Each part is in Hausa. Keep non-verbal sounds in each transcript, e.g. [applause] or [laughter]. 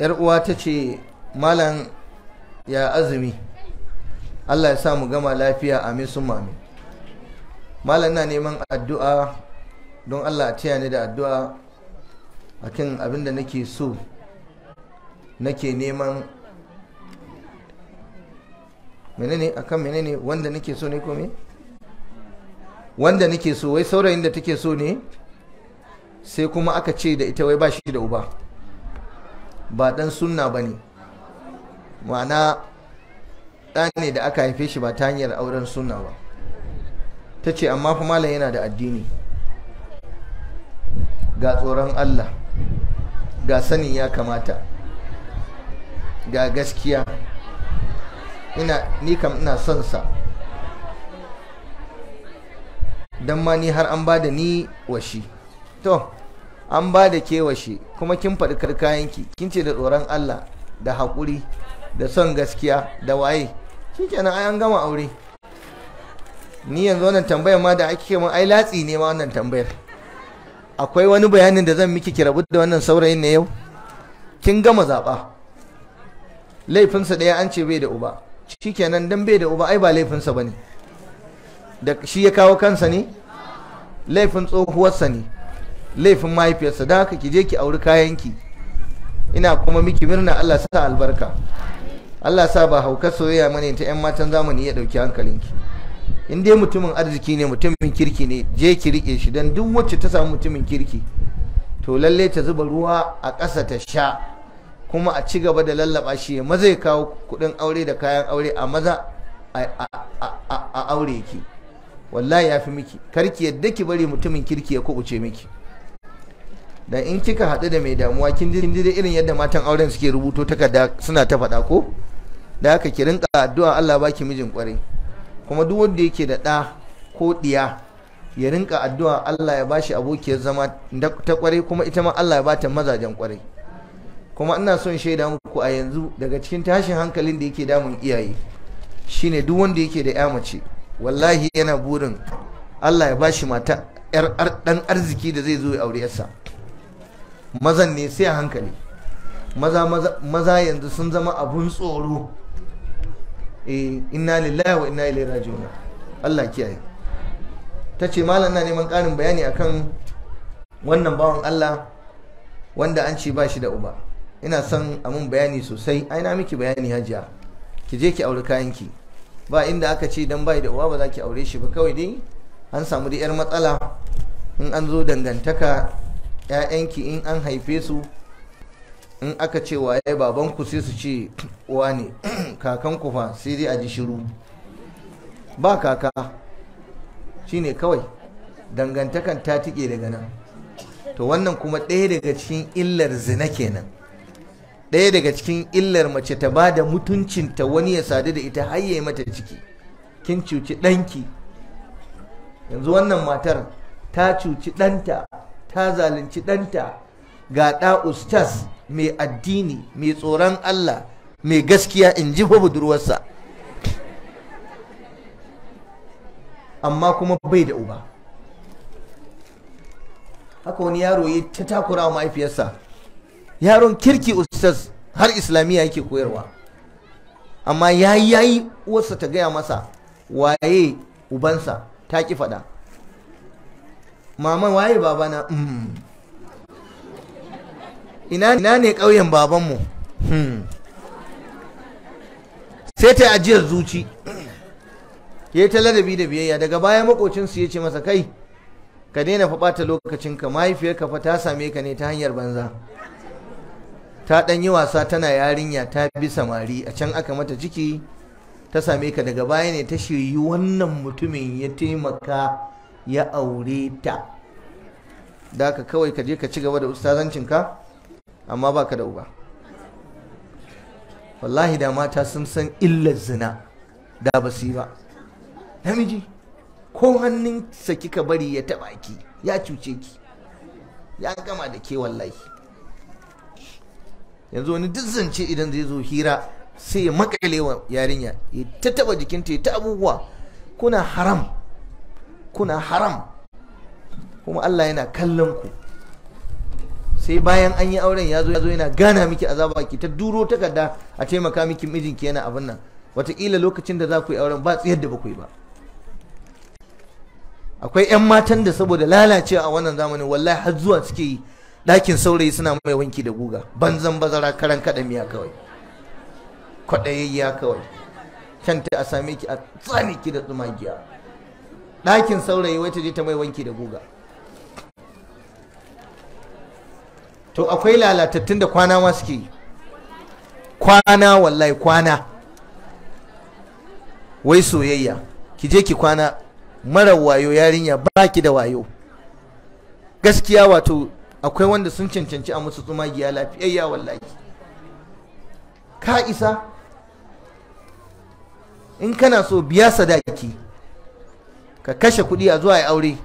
yar uwa ta ce malam ya azumi Allah ya sa mu gama lafiya amin sun mami malam na neman addu'a don Allah a taya ni da addu'a kan abin da nake so nake neman menene akan menene wanda nake so ne kome wanda nake so wai saurayin da take so ne sai kuma aka ce da ita wai ba shi da uba ba dan sunna ba ne ma'ana ɗa ne da aka haife shi ba ta hanyar auren sunna ba ta ce amma fa malam yana da addini ga tsoron allah ga sanin ya kamata ga gaskiya ina ni kam ina son sa don ma ni har an ba da ni washi to an ba da kewashe kuma kin faɗi karkayanki kin ce da tsoron Allah da haƙuri da son gaskiya da waye shi kenan ai an gama aure ni yanzu wannan tambayar ma da ake mun ai latsi ne ma wannan tambayar akwai wani bayanin da zan miki kirabu da wannan saurayin ne yau kin gama zaɓa laifinsa ɗaya an ce bai da uba nan dan bai da uba ai ba laifinsa ne. da shi ya kawo kansa ne laifin tsohuwarsa ne laifin mahaifiyarsa don haka ki je ki auri kayanki ina kuma miki murna Allah sa albarka Allah sa ba hauka soyayya mane ta yan matan zamani ya dauki hankalinki in dai mutumin arziki ne mutumin kirki ne je ki rike shi don duk wacce ta samu mutumin kirki to lalle ta zuba ruwa a ƙasa ta sha kuma a ci gaba da lallaba shi ya maza ya kawo kuɗin aure da kayan aure a maza a aure ki wallahi ya fi miki karki yadda ki bari mutumin kirki ya kubuce miki da in kika haɗu da mai damuwa kin ji da irin yadda matan auren suke rubuto takarda suna ta faɗa ko da haka ki rinka addu'a Allah baki mijin kwarai kuma duk wanda yake da ɗa ko ɗiya ya rinka addu'a Allah ya bashi abokiyar zama ta kwarai kuma ita ma Allah ya bata mazajen kwarai kuma ina son shaida muku a yanzu daga cikin tashin hankalin da yake damun iyaye shine duk wanda yake da ya mace wallahi yana burin Allah ya bashi mata yar dan arziki da zai zo ya aure yasa. mazan ne sai a hankali maza yanzu sun zama abun tsoro eh, inna lillahi wa inna ilaihi raji'un Allah kiyaye ta ce malam na neman ƙarin bayani akan wannan bawan Allah wanda an ce ba shi da uba ina son a mun bayani sosai aina miki bayani hajiya ki je ki kayan kayanki ba inda aka ce dan bai da uba ba za ki aure shi ba kawai dai an samu da yar matsala in an zo dangantaka 'ya'yanki in an haife su in aka ce waye babanku sai su ce kakan [clears throat] kakanku fa sai dai a ji shiru ba kaka shine kawai dangantakan ta tike daga nan to wannan kuma ɗaya daga cikin illar zina kenan ɗaya daga cikin illar mace ta ba da mutuncinta wani ya sadu da ita har yi mata ciki kin cuci ɗanki yanzu wannan matar ta cuci ɗanta ta zalunci ɗanta ga ɗa ustas mai addini mai tsoron Allah mai gaskiya in ji fa budurwarsa amma kuma bai da uba haka wani yaro ya ta takura wa mahaifiyarsa yaron kirki ustas har islamiyya yake koyarwa amma ya yi uwarsa ta gaya masa waye ubansa ta ki faɗa mama waye babana hmm. ina ne ƙauyen babanmu hmm. sai ta ajiyar zuci ya ta ladabi da biyayya daga baya makocinsu ya ce masa kai ka daina fa ɓata lokacinka mahaifiyarka fa ta same ka ne ta hanyar banza ta ɗan yi wasa tana yarinya ta bi samari a can aka mata ciki ta same ka daga baya ne ta shiryi wannan mutumin ya taimaka ya aure ta da ka kawai ka je ka ci gaba da ustazancinka amma ba ka da uba wallahi da mata sun san illar zina da ba su yi ba namiji ko hannun hannunsa kika bari ya taba ki ya cuce ki ya gama da ke wallahi yanzu wani duk zance idan zai zo hira sai ya makalewa yarinya ya ta taba jikinta ya ta abubuwa kuna haram kuna haram kuma Allah yana kallon ku sai bayan an yi auren ya zo yana gana miki azaba ki ta duro takarda a taimaka miki mijinki yana abin nan wataƙila lokacin da za ku yi auren ba tsayar da ba yi ba akwai 'yan matan da saboda lalacewa a wannan zamanin wallahi har zuwa suke yi ɗakin saurayi suna mai wanki da guga banzan bazara karan kaɗamiya kawai kwaɗayayya kawai kanta a same ki a tsane ki da tsumagiya ɗakin saurayi wai ta je ta mai wanki da guga to akwai lalatattun da kwana ma suke kwana wallahi kwana wai soyayya ki je ki kwana mara wayo yarinya ba ki da wayo gaskiya wato akwai wanda sun cancanci a musu giya lafiyayya wallahi ka isa in kana so biya sadaki ka kashe kuɗi a zuwa ya aure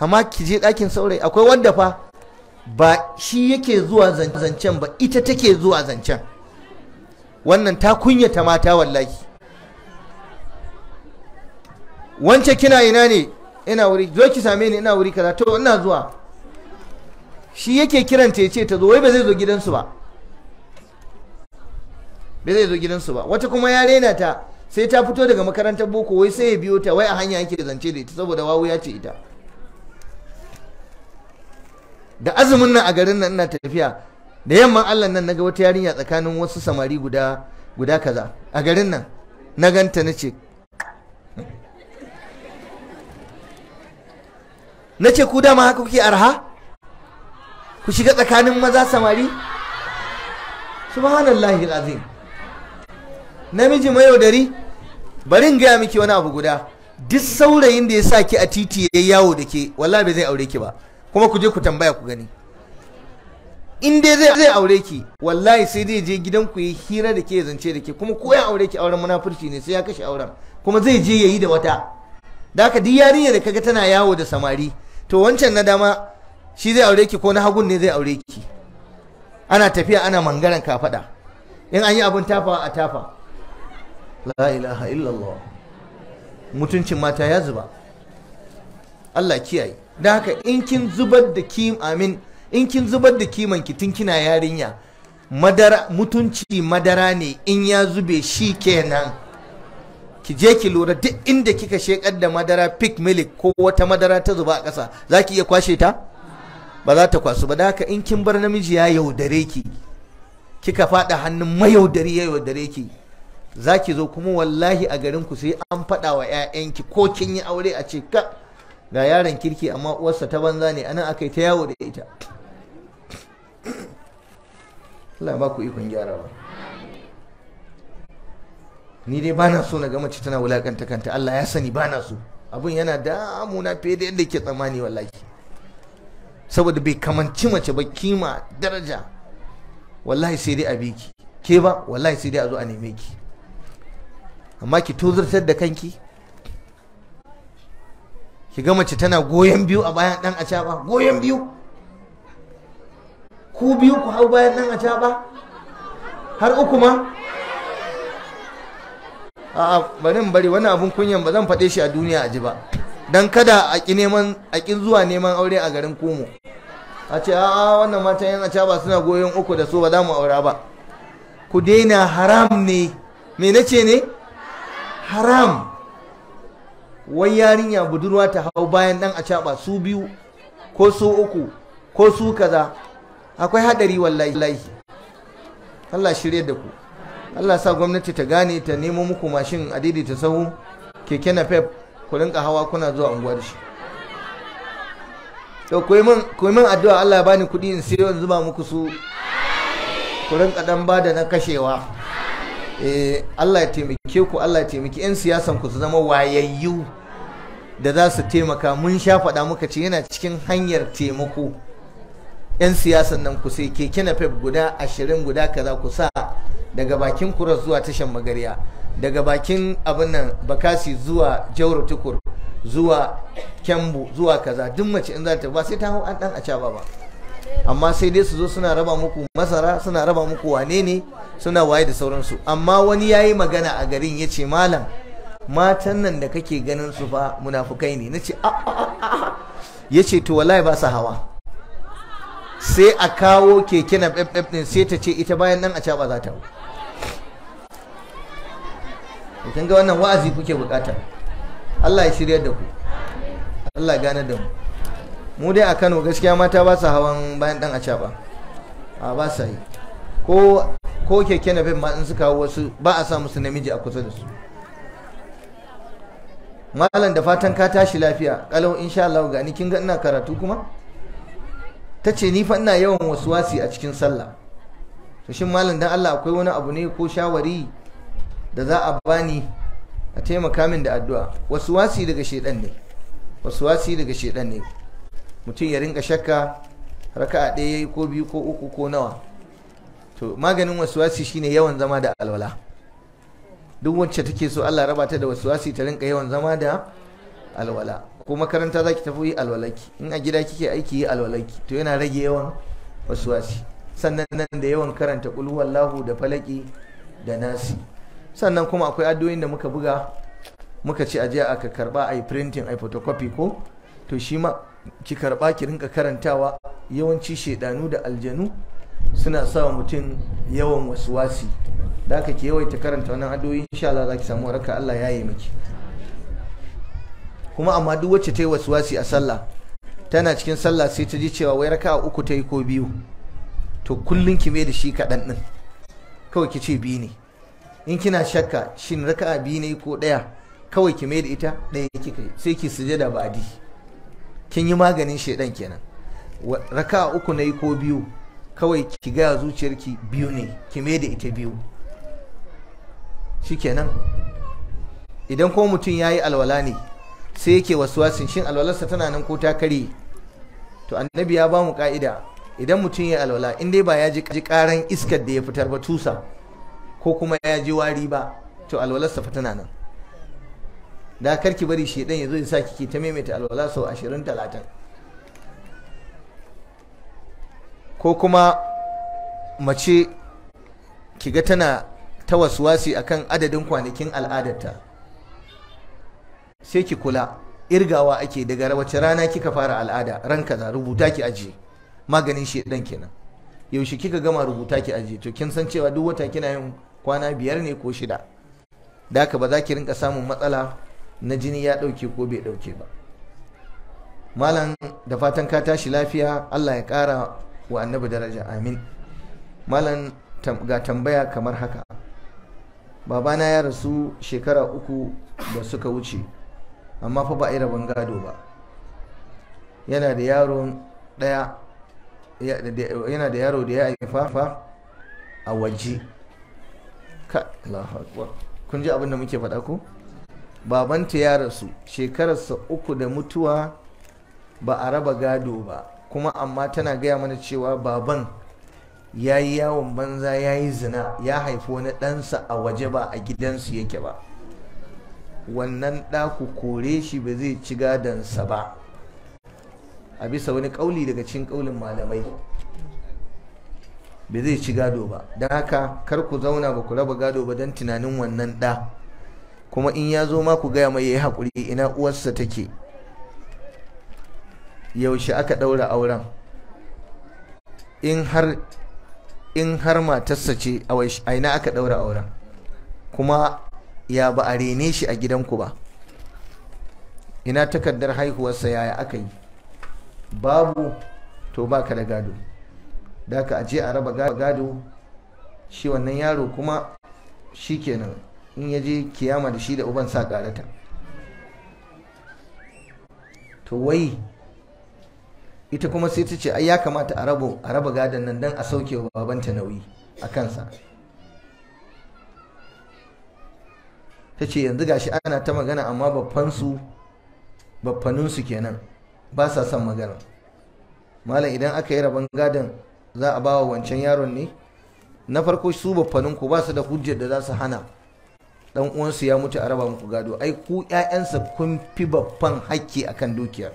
amma ki je ɗakin saurayi akwai wanda fa ba shi yake zuwa zancen ba ita take zuwa zancen wannan ta kunyata mata wallahi wance kina ina ne ina wuri zo ki same ni ina wuri kaza to ina zuwa shi yake kiran ce ta zo wai ba zai zo gidansu ba ba zai zo gidansu ba wata kuma ya rena ta sai ta fito daga makarantar boko wai sai ya biyo ta wai a hanya yake zance da ita saboda wawu ya ce ita da azumin nan a garin nan ina tafiya da yamman Allah nan naga wata yarinya tsakanin wasu samari guda guda kaza a garin nan na ganta na ce. [laughs] Na ce ku dama haka kuke arha ku shiga tsakanin maza samari subhanallahi alazim namiji mayaudari bari in gaya miki wani abu guda duk saurayin da ya sa ki a titi ya yawo da ke wallahi bai zai aure ki ba kuma ku je ku tambaya ku gani in dai zai aure ki wallahi sai dai je gidan ku yi hira da ke zance da ke kuma ko ya aure ki auren munafurci ne sai ya kashe auren kuma zai je yayi da wata da haka duk yarinya da kaga tana yawo da samari to wancan na dama shi zai aure ki ko na hagun ne zai aure ki ana tafiya ana mangaran kafaɗa in an yi abin tafawa a tafa la ilaha illallah mutuncin mata ya zuba Allah kiyaye da haka in kin zubar da kim amin in kin zubar da kiman ki tun kina yarinya madara mutunci madara ne in ya zube shi kenan ki je ki lura duk inda kika shekar da madara pick milk ko wata madara ta zuba a ƙasa za ki iya kwashe ta ba za ta kwasu ba da haka in kin bar namiji ya yaudare ki kika faɗa hannun mayaudari ya yaudare ki za ki zo kuma wallahi a garin ku sai an faɗa wa 'ya'yanki ko kin yi aure a ce ka ga yaron kirki amma uwarsa ta banza ne anan aka yi ta yawo da ita Allah ba ku ikon ba ni dai ba na so na ga mace tana wulakanta kanta Allah ya sani ba na so abun yana damuna fiye da yadda ke tsammani wallahi saboda bai kamanci mace ba kima daraja wallahi sai dai a biki ke ba wallahi sai dai a zo a neme ki amma ki tozartar da kanki ki ga mace tana goyon biyu a bayan dan acaba goyon biyu ku biyu ku hau bayan dan acaba har uku ma a'a bari bari wani abun kunyan ba zan faɗe shi a duniya a ji ba dan kada a ki neman a ki zuwa neman aure a garin komo. a ce a'a wannan matan yan acaba suna goyon uku da su ba za mu aura ba ku daina haram ne me nace ne haram wai yarinya budurwa ta hau bayan dan a caba su biyu ko su uku ko su kaza akwai hadari wallahi Allah shirye da ku Allah sa gwamnati ta gane ta nemo muku mashin a daidaita sahu keke na pep ku rinka hawa kuna zuwa unguwar shi to ku min addu'a Allah ya bani kuɗi in sayo in zuba muku su ku rinka dan bada na kashewa eh Allah ya taimake ku Allah ya taimake yan siyasan ku su zama wayayyu da za su taimaka mun sha faɗa muka ce yana cikin hanyar taimako yan siyasan nan ku sai keke na fef guda ashirin guda kaza ku sa daga bakin kuras zuwa tashan magarya daga bakin abin nan bakasi zuwa jauro tukur zuwa kyambu zuwa kaza duk mace in za ta ba sai ta hau an dan a ba ba amma sai dai su zo suna raba muku masara suna raba muku wane ne suna waye da sauransu amma wani ya yi magana a garin ya ce malam matan nan da kake ganin su fa munafukai ne na ce ah, ah, ah, ya ce to wallahi ba su hawa sai a kawo keke na ɗin ɗin sai ta ce ita bayan nan a caba za ta kun ga wannan wa'azi kuke bukata Allah ya shirya da ku Allah ya gane da mu mu dai a Kano gaskiya mata ba su hawan bayan dan a caba a ba sa yi ko ko keke na ma in suka wasu ba a sa musu namiji a kusa da su malam da fatan ka tashi lafiya kalau insha Allah ga ni kin ga ina karatu kuma ta ce ni fa ina yawan wasu wasi a cikin sallah to shin malam dan Allah akwai wani abu ne ko shawari da za a bani a taimaka min da addu'a wasi daga shedan ne wasi daga shedan ne mutum ya rinka shakka raka'a ɗaya ko biyu ko uku ko nawa to maganin waswasi shine yawan zama da alwala duk wacce take so Allah raba ta da waswasi ta rinka yawan zama da alwala ko makaranta zaki tafi yi alwalaki in a gida kike aiki yi alwalaki to yana rage yawan waswasi sannan nan da yawan karanta qul huwallahu da falaki da nasi sannan kuma akwai addu'o'in da muka buga muka ce aje aka karba ai printing ai photocopy ko to shi ma ki karba ki rinka karantawa yawanci shedanu da aljanu suna sa wa mutum yawan wasuwasi da aka ke yawaita karanta wannan addu'o'i insha Allah za ki samu waraka Allah ya yi miki kuma amma duk wacce ta yi wasuwasi a sallah tana cikin sallah sai ta ji cewa wai raka uku ta yi ko biyu to kullum ki mai da shi kaɗan ɗin kawai ki ce biyu ne in kina shakka shin raka biyu ne ko ɗaya kawai ki mai da ita ɗaya kika sai ki sujada ba'adi kin yi maganin shaidan kenan raka uku na yi ko biyu kawai ki gaya zuciyarki biyu ne ki mai da ita biyu shikenan idan ko mutum ya yi alwala ne sai yake wasin shin alwalarsa tana nan ko ta kare to annabi ya ba mu ka'ida idan mutum ya alwala in dai ba ya ji karan iskar da ya fitar ba tusa ko kuma ya ji wari ba to alwalarsa fa tana nan da karki bari dan ya zo ya sa kike ta maimaita alwala sau ashirin talatin ko kuma mace ki ga tana ta a kan adadin kwanakin al'adarta sai ki kula irgawa ake daga wace rana kika fara al'ada ran kaza rubuta ki ajiye maganin dan kenan yaushe kika gama rubuta ki ajiye to kin san cewa duk wata kina yin kwana biyar ne ko shida da haka ba za ki rinka samun matsala na jini ya ɗauke ko bai ɗauke ba malam da fatan ka tashi lafiya allah ya ƙara wa annabi daraja amin malam ga tambaya kamar haka babana ya rasu shekara uku da suka wuce amma fa ba a yi rabon gado ba yana da yaro daya yana da yaro da ya fafa a waje kun ji abinda muke faɗa ko babanta ya rasu shekararsa uku da mutuwa ba a raba gado ba kuma amma tana gaya mana cewa baban ya yi yawon banza ya yi zina ya haifi wani ɗansa a waje ba a gidansu yake ba wannan ɗaku kore shi ba zai ci gadansa ba a bisa wani ƙauli daga cikin ƙaulin malamai ba zai ci gado ba don haka kar ku zauna ba ku raba gado ba don tunanin wannan ɗa kuma in ya zo ma ku gaya mai ya yi haƙuri ina uwarsa take yaushe aka ɗaura auren in har matarsa ce a ina aka ɗaura auren kuma ya ba a rene shi a gidanku ba ina takardar haihuwarsa yaya aka yi babu to baka da gado da ka aje a raba gado shi wannan yaro kuma shi kenan in ya je kiyama da shi da uban sa karata to wai ita kuma sai ta ce ai ya kamata a raba a raba gadon nan dan a sauke wa babanta nauyi a kansa ta ce yanzu gashi ana ta magana amma babbansu babbaninsu kenan ba sa son magana malam idan aka yi rabon gadon za a ba wa wancan yaron ne na farko su babbanin ku ba su da hujjar da za su hana dan uwansu ya mutu a raba muku gado ai ku yayansa kun fi babban hakki akan dukiyar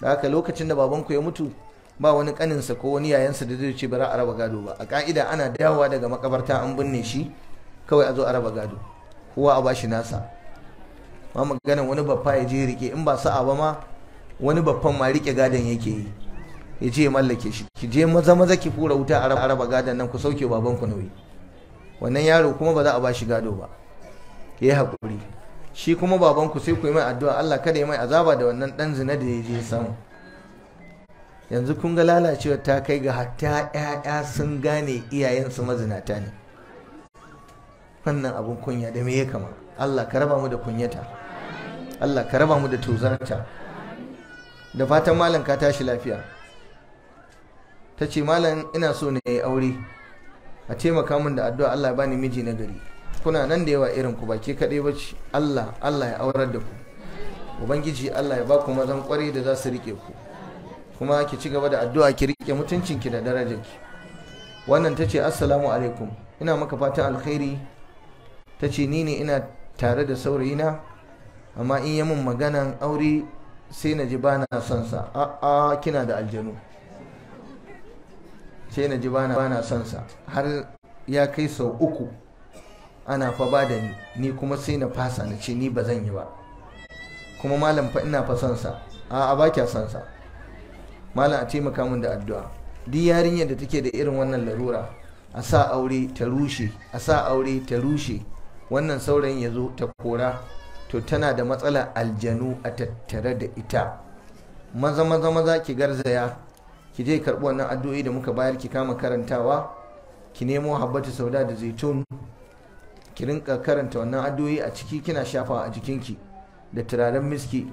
da haka lokacin da babanku ya mutu ba wani kaninsa ko wani yayansa da zai ce ba za a raba gado ba a ka'ida ana dawowa daga makabarta an binne shi kawai a zo a raba gado kowa a bashi nasa ma maganan wani baffa ya je rike in ba sa'a ba ma wani baffan ma rike gadon yake yi ya je mallake shi ki je maza maza ki fura wuta a raba gadon nan ku sauke babanku nauyi wannan yaro kuma ba za a bashi gado ba ya yi haƙuri shi kuma babanku sai ku yi mai addu'a Allah kada ya mai azaba da wannan dan zina da ya je samu yanzu kun ga lalacewa ta kai ga hatta ƴaƴa sun gane iyayensu mazinata ne wannan abun kunya da me ya kama Allah ka raba mu da kunyata Allah ka raba mu da tozarta da fatan malam ka tashi lafiya ta ce malam ina so na yi aure a taimaka min da addu'a Allah ya bani miji na gari kuna nan da yawa irin ku baki kadai kaɗai ba ce Allah Allah ya aurar da ku ubangiji Allah ya ba ku mazan kwarai da za su rike ku kuma ki ci gaba da addu'a ki rike mutuncinki da darajarki wannan ta ce assalamu alaikum ina maka fatan alkhairi ta ce ni ne ina tare da saurayina amma in yi min maganan aure sai na ji bana son sa a kina da aljanu sai na ji bana son sa har ya kai sau uku ana fa ba da ni ni kuma sai na fasa na ce ni ba zan yi ba kuma malam fa ina fa son sa a a ba kya son sa malam a taimaka min da addu'a duk yarinyar da take da irin wannan larura a sa aure ta rushe a sa aure ta rushe wannan saurayin ya zo ta kora to tana da matsala aljanu a tattare da ita maza maza maza ki garzaya ki je karɓi wannan addu'o'i da muka bayar ki kama karantawa ki nemo habbatu sauda da zaitun ki rinka karanta wannan addu'o'i a ciki kina shafa a jikinki da turaren miski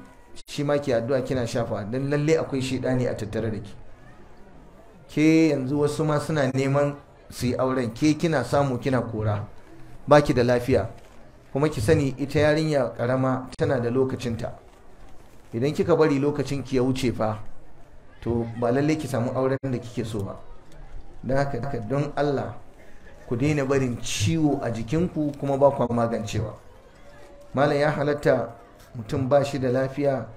shi ma ki addu'a kina shafa don lalle akwai shedani a tattare da ki ke yanzu wasu ma suna neman su yi auren ke kina samu kina kora baki da lafiya kuma ki sani ita yarinya karama tana da lokacinta idan kika bari lokacin ki ya wuce fa to ba lalle ki samu auren da kike so ba don haka don Allah ku daina barin ciwo a jikinku kuma ba kwa magancewa malam ya halatta mutum ba shi da lafiya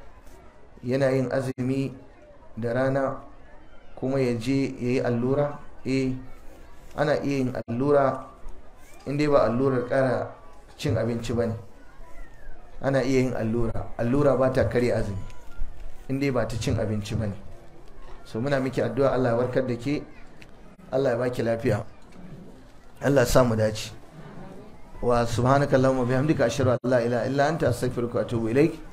yana yin azumi da rana kuma ya je ya yi allura e ana iya yin allura inda ba allurar kara cin abinci ba ne ana iya yin allura allura ba ta kare azumi inda ba ta cin abinci ba ne so muna miki addu'a allah ya warkar da ke allah ya baki lafiya Allah ya mu dace wa subhanakallahumma bihamdika ashhadu an la ilaha illa anta astaghfiruka wa atubu ilaik